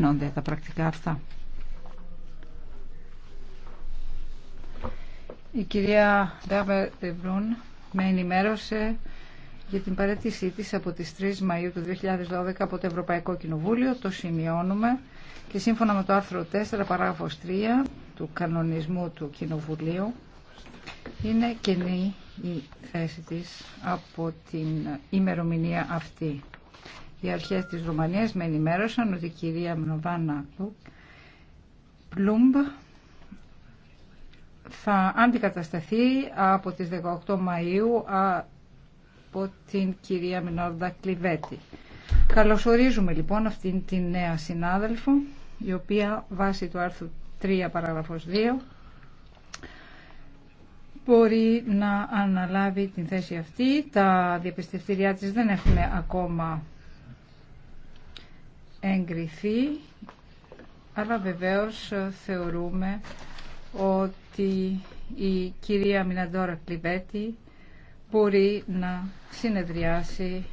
γίνονται τα πρακτικά αυτά. Η κυρία Ντάμπερ Τεβρούν με ενημέρωσε για την παρέτησή της από τις 3 Μαΐου του 2012 από το Ευρωπαϊκό Κοινοβούλιο. Το σημειώνουμε και σύμφωνα με το άρθρο 4 παράγραφος 3 του κανονισμού του Κοινοβουλίου είναι κενή η θέση της από την ημερομηνία αυτή. Οι αρχές της Ρουμανίας με ενημέρωσαν ότι η κυρία Μνοβάνα Πλούμπ θα αντικατασταθεί από τις 18 Μαΐου από την κυρία Μινόρντα Κλιβέτη. Καλωσορίζουμε λοιπόν αυτήν την νέα συνάδελφο η οποία βάσει του άρθρου 3 παράγραφος 2 μπορεί να αναλάβει την θέση αυτή. Τα διαπιστευτηριά της δεν έχουν ακόμα εγκριθεί, αλλά βεβαίως ε, θεωρούμε ότι η κυρία Μιναντόρα Κλιβέτη μπορεί να συνεδριάσει